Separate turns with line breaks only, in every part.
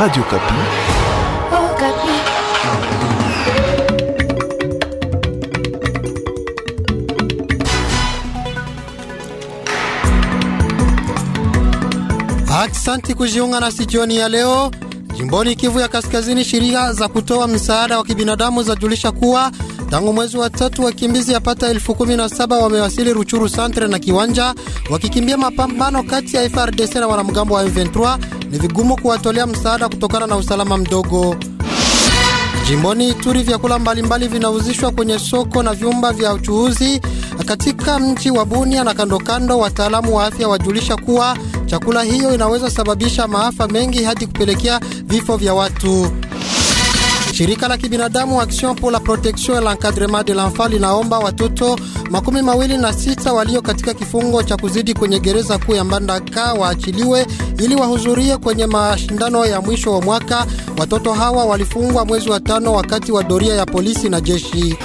Radio Kapi. Oh, Kapi.
Aksanti kujiunga nasi jioni ya leo. Jimboni Kivu ya Kaskazini, shirika za kutoa msaada wa kibinadamu zajulisha kuwa tangu mwezi wa tatu wakimbizi yapata elfu kumi na saba wamewasili Ruchuru Santre na Kiwanja wakikimbia mapambano kati ya FRDC na wanamgambo wa M23. Ni vigumu kuwatolea msaada kutokana na usalama mdogo. Jimboni Ituri, vyakula mbalimbali vinauzishwa kwenye soko na vyumba vya uchuuzi katika mji wa Bunia na kandokando. Wataalamu wa afya wajulisha kuwa Chakula hiyo inaweza sababisha maafa mengi hadi kupelekea vifo vya watu. Shirika la kibinadamu Action pour la Protection et l'Encadrement de l'Enfant linaomba watoto makumi mawili na sita walio katika kifungo cha kuzidi kwenye gereza kuu ya Mbandaka waachiliwe ili wahudhurie kwenye mashindano ya mwisho wa mwaka. Watoto hawa walifungwa mwezi wa tano wakati wa doria ya polisi na jeshi.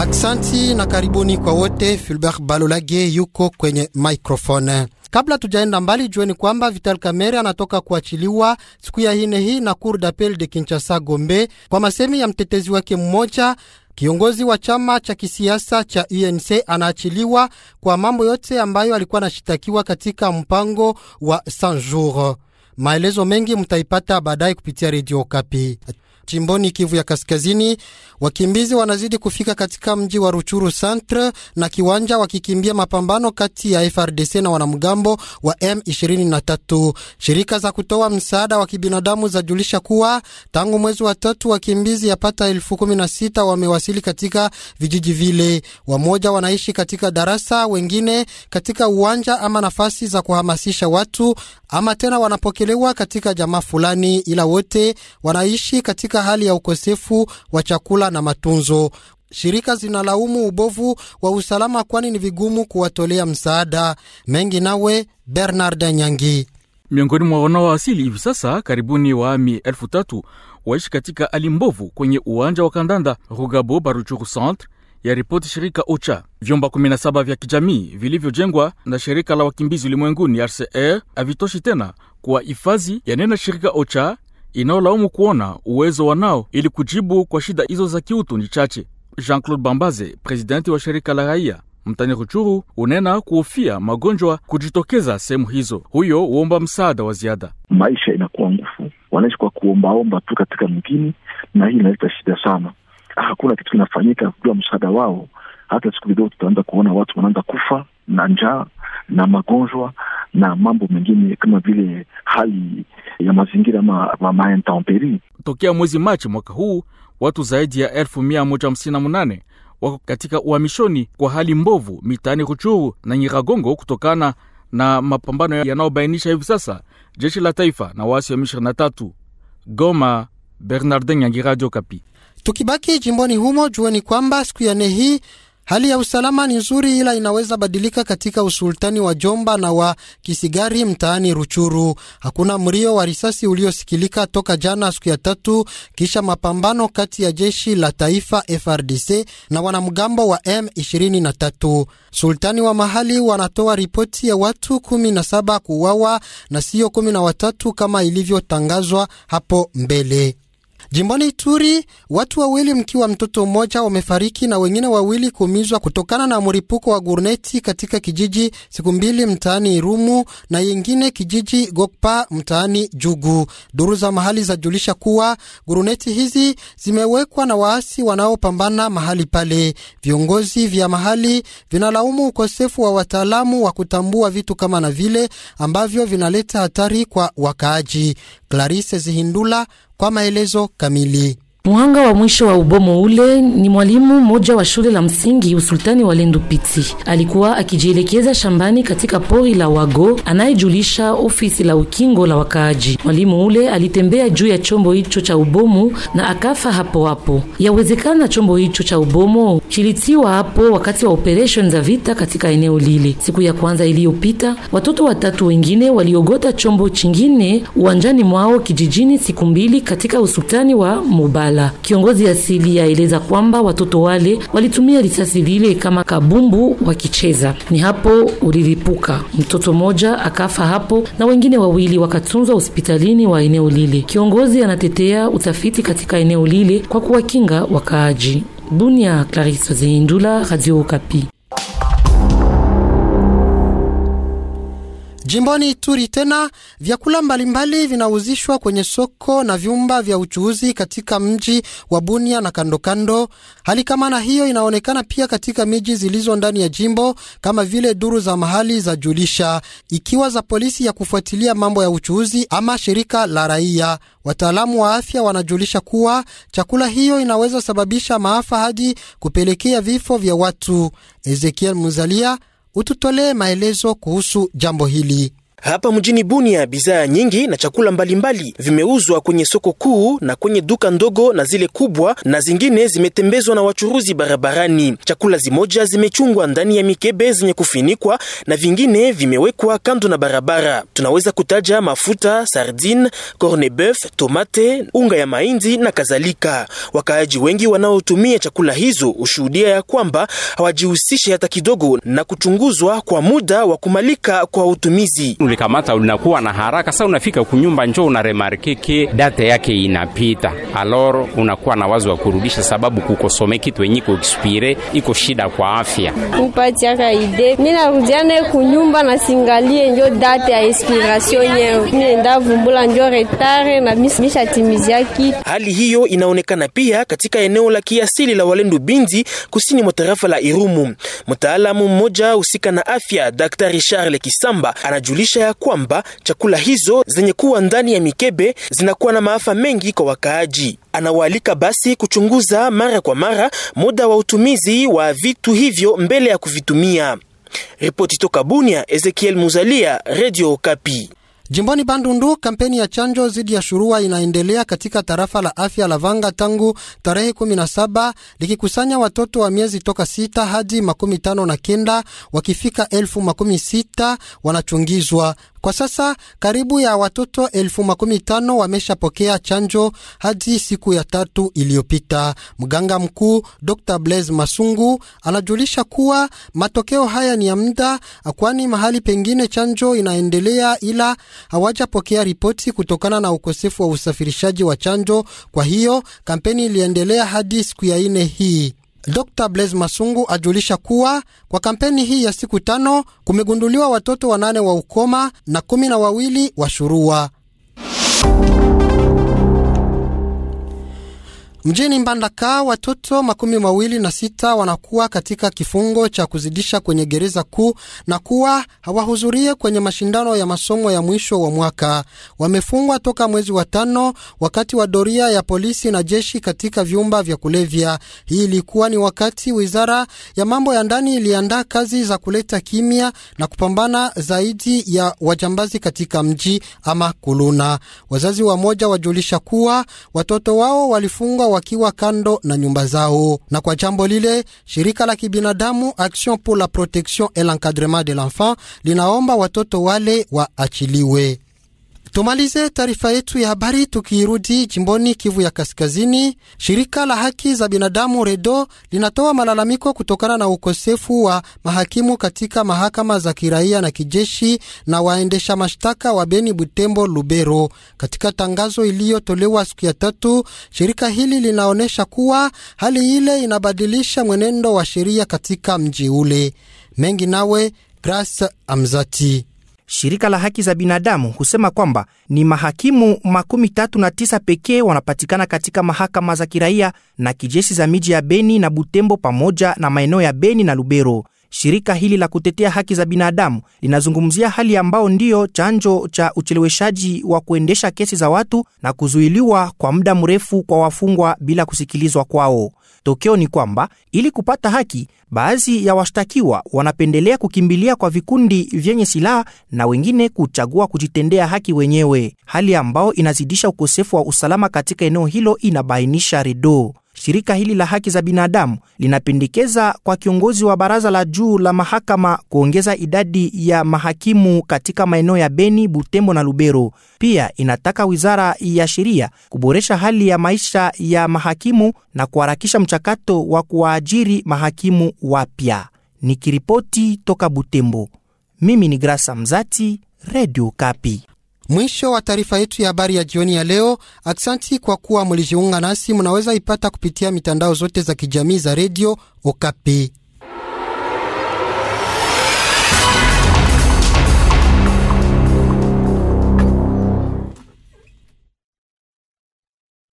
Aksanti na karibuni kwa wote. filbert Balolage yuko kwenye microphone. Kabla tujaenda mbali, jueni kwamba Vital Kamerhe anatoka kuachiliwa siku ya ine hii na Cour d'Appel de Kinshasa Gombe kwa masemi ya mtetezi wake mmoja. Kiongozi wa chama cha kisiasa cha UNC anaachiliwa kwa mambo yote ambayo alikuwa anashitakiwa katika mpango wa 100 jours. Maelezo mengi mtaipata baadaye kupitia redio Kapi jimboni Kivu ya Kaskazini, wakimbizi wanazidi kufika katika mji wa Ruchuru Centre na Kiwanja wakikimbia mapambano kati ya FRDC na wanamgambo wa M23. Shirika za kutoa msaada wa kibinadamu zajulisha kuwa tangu mwezi wa tatu wakimbizi yapata elfu kumi na sita wamewasili katika vijiji vile. Wamoja wanaishi katika darasa, wengine katika uwanja ama nafasi za kuhamasisha watu, ama tena wanapokelewa katika jamaa fulani, ila wote wanaishi katika katika hali ya ukosefu wa chakula na matunzo. Shirika zinalaumu ubovu wa usalama, kwani ni vigumu kuwatolea msaada mengi. Nawe Bernard Nyangi,
miongoni mwa wanaoasili hivi sasa karibuni waami elfu tatu waishi katika hali mbovu kwenye uwanja wa kandanda Rugabo Baruchuru centre ya ripoti shirika OCHA. Vyumba 17 vya kijamii vilivyojengwa na shirika la wakimbizi ulimwenguni RCR havitoshi tena kuwa hifadhi, yanena shirika OCHA inayolaumu kuona uwezo wanao ili kujibu kwa shida hizo za kiutu ni chache. Jean-Claude Bambaze, presidenti wa shirika la raia mtani Ruchuru, unena kuhofia magonjwa kujitokeza sehemu hizo. Huyo huomba msaada wa ziada. Maisha inakuwa ngufu, wanaishi kwa kuombaomba tu katika mgini na hii inaleta shida sana. Hakuna kitu kinafanyika kujua msaada wao. Hata siku kidogo tutaanza kuona watu wanaanza kufa na njaa na magonjwa na mambo mengine kama vile hali ya mazingira ama maintemperi. Tokea mwezi Machi mwaka huu watu zaidi ya elfu mia moja hamsini na munane wako katika uhamishoni kwa hali mbovu mitaani Ruchuru na Nyiragongo kutokana na mapambano yanayobainisha hivi sasa jeshi la taifa na waasi wa M23. Goma, Bernardin nyangi Radio kapi
Tukibaki jimboni humo, jueni kwamba siku ya nne hii Hali ya usalama ni nzuri ila inaweza badilika katika usultani wa Jomba na wa Kisigari mtaani Ruchuru. Hakuna mrio wa risasi uliosikilika toka jana siku ya tatu kisha mapambano kati ya jeshi la taifa FRDC na wanamgambo wa M23. Sultani wa mahali wanatoa ripoti ya watu 17 kuuawa na sio 13 kama ilivyotangazwa hapo mbele. Jimboni Ituri, watu wawili mkiwa mtoto mmoja wamefariki na wengine wawili kuumizwa kutokana na mlipuko wa gurneti katika kijiji siku mbili mtaani Irumu na yengine kijiji Gokpa mtaani Jugu. Duru za mahali zajulisha kuwa gurneti hizi zimewekwa na waasi wanaopambana mahali pale. Viongozi vya mahali vinalaumu ukosefu wa wataalamu wa kutambua vitu kama na vile ambavyo vinaleta hatari kwa wakaaji. Clarisse Zihindula kwa maelezo kamili. Muhanga wa mwisho wa ubomo ule ni mwalimu mmoja wa shule la
msingi usultani wa Lendu Piti. Alikuwa akijielekeza shambani katika pori la Wago, anayejulisha ofisi la ukingo la wakaaji. Mwalimu ule alitembea juu ya chombo hicho cha ubomu na akafa hapo hapo. Yawezekana chombo hicho cha ubomo kilitiwa hapo wakati wa operation za vita katika eneo lile. Siku ya kwanza iliyopita, watoto watatu wengine waliogota chombo chingine uwanjani mwao kijijini siku mbili katika usultani wa Mubali. Kampala. Kiongozi asili aeleza kwamba watoto wale walitumia risasi lile kama kabumbu wakicheza, ni hapo ulilipuka. Mtoto mmoja akafa hapo na wengine wawili wakatunzwa hospitalini wa eneo lile. Kiongozi anatetea utafiti katika eneo lile kwa kuwakinga wakaaji. Bunia, Clarisse Zindula, Radio Okapi.
Jimboni Ituri tena vyakula mbalimbali vinauzishwa kwenye soko na vyumba vya uchuuzi katika mji wa Bunia na kandokando. Hali kama na hiyo inaonekana pia katika miji zilizo ndani ya jimbo kama vile duru za mahali za julisha, ikiwa za polisi ya kufuatilia mambo ya uchuuzi ama shirika la raia. Wataalamu wa afya wanajulisha kuwa chakula hiyo inaweza sababisha maafa hadi kupelekea vifo vya watu. Ezekiel Muzalia ututolee maelezo kuhusu jambo hili.
Hapa mjini Bunia, bidhaa nyingi na chakula mbalimbali vimeuzwa kwenye soko kuu na kwenye duka ndogo na zile kubwa, na zingine zimetembezwa na wachuruzi barabarani. Chakula zimoja zimechungwa ndani ya mikebe zenye kufinikwa na vingine vimewekwa kando na barabara. Tunaweza kutaja mafuta, sardine, corne beef, tomate, unga ya mahindi na kadhalika. Wakaaji wengi wanaotumia chakula hizo ushuhudia ya kwamba hawajihusishi hata kidogo na kuchunguzwa kwa muda wa kumalika kwa utumizi
ulikamata unakuwa na haraka sasa, unafika kunyumba njo unaremarkeke data yake inapita, alor unakuwa na wazo wa kurudisha, sababu kukosome kitu yenye iko expire iko shida
kwa afya. Kupatiaka ide mimi narudia naye kunyumba na singalie njoo data ya expiration yao, mimi nenda vumbula njoo retare na misha timizia kitu.
Hali hiyo inaonekana pia katika eneo la kiasili la Walendu Binzi kusini mwa tarafa la Irumu. Mtaalamu mmoja husika na afya Daktari Charles Kisamba anajulisha licha ya kwamba chakula hizo zenye kuwa ndani ya mikebe zinakuwa na maafa mengi kwa wakaaji. Anawaalika basi kuchunguza mara kwa mara muda wa utumizi wa vitu hivyo mbele ya kuvitumia. Ripoti toka Bunia, Ezekiel Muzalia, Radio Okapi.
Jimboni Bandundu, kampeni ya chanjo dhidi ya shurua inaendelea katika tarafa la afya la Vanga tangu tarehe 17 likikusanya watoto wa miezi toka sita hadi makumi tano na kenda wakifika elfu makumi sita wanachungizwa kwa sasa karibu ya watoto elfu makumi tano wameshapokea chanjo hadi siku ya tatu iliyopita. Mganga mkuu Dr Blaise Masungu anajulisha kuwa matokeo haya ni ya muda, kwani mahali pengine chanjo inaendelea, ila hawajapokea ripoti kutokana na ukosefu wa usafirishaji wa chanjo. Kwa hiyo kampeni iliendelea hadi siku ya ine hii. Dr Blaise Masungu ajulisha kuwa kwa kampeni hii ya siku tano kumegunduliwa watoto wanane wa ukoma na kumi na wawili wa shurua. Mjini Mbandaka watoto makumi mawili na sita wanakuwa katika kifungo cha kuzidisha kwenye gereza kuu na kuwa hawahudhurie kwenye mashindano ya masomo ya mwisho wa mwaka. Wamefungwa toka mwezi wa tano wakati wa doria ya polisi na jeshi katika vyumba vya kulevya. Hii ilikuwa ni wakati wizara ya mambo ya ndani iliandaa kazi za kuleta kimya na kupambana zaidi ya wajambazi katika mji ama kuluna. Wazazi wamoja wajulisha kuwa watoto wao walifungwa wakiwa kando na nyumba zao. Na kwa jambo lile, shirika la kibinadamu Action pour la Protection et l'Encadrement de l'Enfant linaomba watoto wale waachiliwe. Tumalize taarifa yetu ya habari tukirudi jimboni Kivu ya Kaskazini. Shirika la haki za binadamu REDO linatoa malalamiko kutokana na ukosefu wa mahakimu katika mahakama za kiraia na kijeshi na waendesha mashtaka wa Beni, Butembo, Lubero. Katika tangazo iliyotolewa siku ya tatu, shirika hili linaonyesha kuwa hali ile inabadilisha mwenendo wa sheria katika mji ule. Mengi nawe Grace Amzati. Shirika
la haki za binadamu husema kwamba ni mahakimu makumi tatu na tisa pekee wanapatikana katika mahakama za kiraia na kijeshi za miji ya Beni na Butembo pamoja na maeneo ya Beni na Lubero. Shirika hili la kutetea haki za binadamu linazungumzia hali ambao ndiyo chanjo cha ucheleweshaji wa kuendesha kesi za watu na kuzuiliwa kwa muda mrefu kwa wafungwa bila kusikilizwa kwao. Tokeo ni kwamba ili kupata haki, baadhi ya washtakiwa wanapendelea kukimbilia kwa vikundi vyenye silaha na wengine kuchagua kujitendea haki wenyewe, hali ambao inazidisha ukosefu wa usalama katika eneo hilo, inabainisha Redo. Shirika hili la haki za binadamu linapendekeza kwa kiongozi wa baraza la juu la mahakama kuongeza idadi ya mahakimu katika maeneo ya Beni, Butembo na Lubero. Pia inataka wizara ya sheria kuboresha hali ya maisha ya mahakimu na kuharakisha mchakato wa kuwaajiri mahakimu wapya. Nikiripoti toka Butembo, mimi ni Grasa Mzati,
Radio Kapi. Mwisho wa taarifa yetu ya habari ya jioni ya leo. Aksanti kwa kuwa mulijiunga nasi, munaweza ipata kupitia mitandao zote za kijamii za redio Okapi.